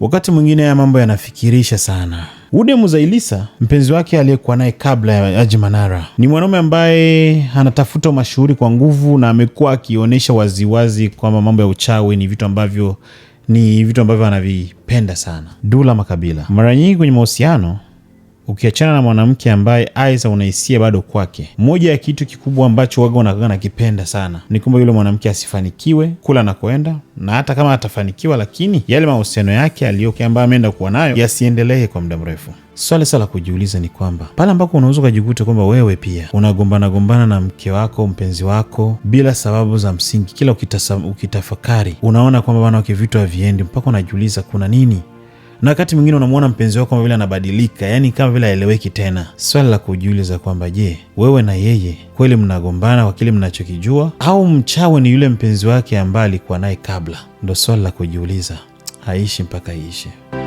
Wakati mwingine haya mambo yanafikirisha sana. Ude Muzailisa, mpenzi wake aliyekuwa naye kabla ya Haji Manara, ni mwanaume ambaye anatafuta mashuhuri kwa nguvu na amekuwa akionyesha waziwazi kwamba mambo ya uchawi ni vitu ambavyo ni vitu ambavyo anavipenda sana. Dula Makabila mara nyingi kwenye mahusiano ukiachana na mwanamke ambaye aidha unahisia bado kwake. Moja ya kitu kikubwa ambacho waga unakaa nakipenda sana ni kwamba yule mwanamke asifanikiwe kula nakoenda, na hata kama atafanikiwa, lakini yale mahusiano yake aliyoke ambayo ameenda kuwa nayo yasiendelee kwa muda mrefu. Swali sasa la kujiuliza ni kwamba pale ambako unaweza ukajikuta kwamba wewe pia unagombanagombana na mke wako mpenzi wako bila sababu za msingi, kila ukitasa, ukitafakari unaona kwamba bana wake vitu haviendi, mpaka unajiuliza kuna nini? na wakati mwingine unamwona mpenzi wako kama vile anabadilika, yani kama vile aeleweki tena. Swali la kujiuliza kwamba je, wewe na yeye kweli mnagombana kwa kile mnachokijua au mchawe ni yule mpenzi wake ambaye alikuwa naye kabla? Ndo swali la kujiuliza, haishi mpaka iishe.